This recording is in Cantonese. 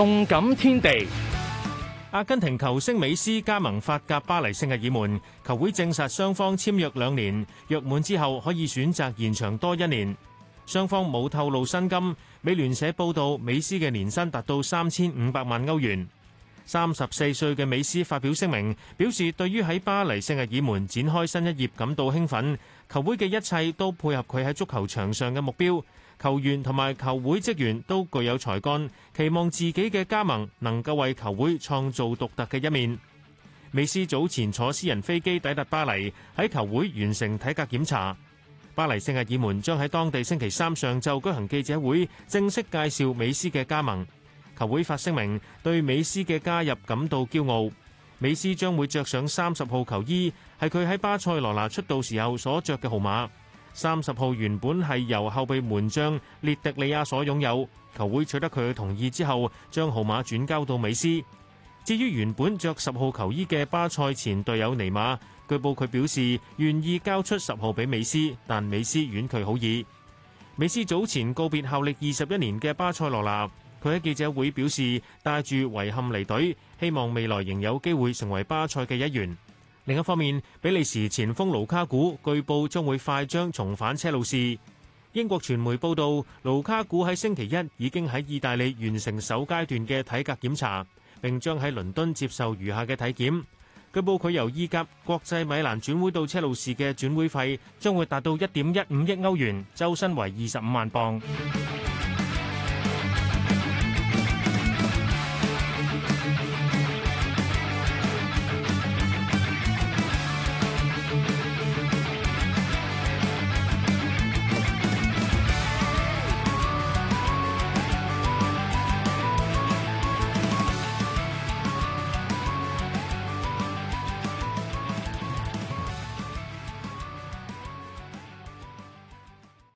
動感天地，阿根廷球星美斯加盟法甲巴黎聖日耳門，球會證實雙方簽約兩年，約滿之後可以選擇延長多一年。雙方冇透露薪金，美聯社報道美斯嘅年薪達到三千五百萬歐元。三十四歲嘅美斯發表聲明，表示對於喺巴黎聖日耳門展開新一頁感到興奮，球會嘅一切都配合佢喺足球場上嘅目標，球員同埋球會職員都具有才幹，期望自己嘅加盟能夠為球會創造獨特嘅一面。美斯早前坐私人飛機抵達巴黎，喺球會完成體格檢查。巴黎聖日耳門將喺當地星期三上晝舉行記者會，正式介紹美斯嘅加盟。球會發聲明，對美斯嘅加入感到驕傲。美斯將會着上三十號球衣，係佢喺巴塞羅那出道時候所着嘅號碼。三十號原本係由後備門將列迪利亞所擁有，球會取得佢嘅同意之後，將號碼轉交到美斯。至於原本着十號球衣嘅巴塞前隊友尼馬，據報佢表示願意交出十號俾美斯，但美斯婉拒好意。美斯早前告別效力二十一年嘅巴塞羅那。佢喺記者會表示，帶住遺憾離隊，希望未來仍有機會成為巴塞嘅一員。另一方面，比利時前鋒盧卡古據報將會快將重返車路士。英國傳媒報道，盧卡古喺星期一已經喺意大利完成首階段嘅體格檢查，並將喺倫敦接受餘下嘅體檢。據報佢由意甲國際米蘭轉會到車路士嘅轉會費將會達到一點一五億歐元，周薪為二十五萬鎊。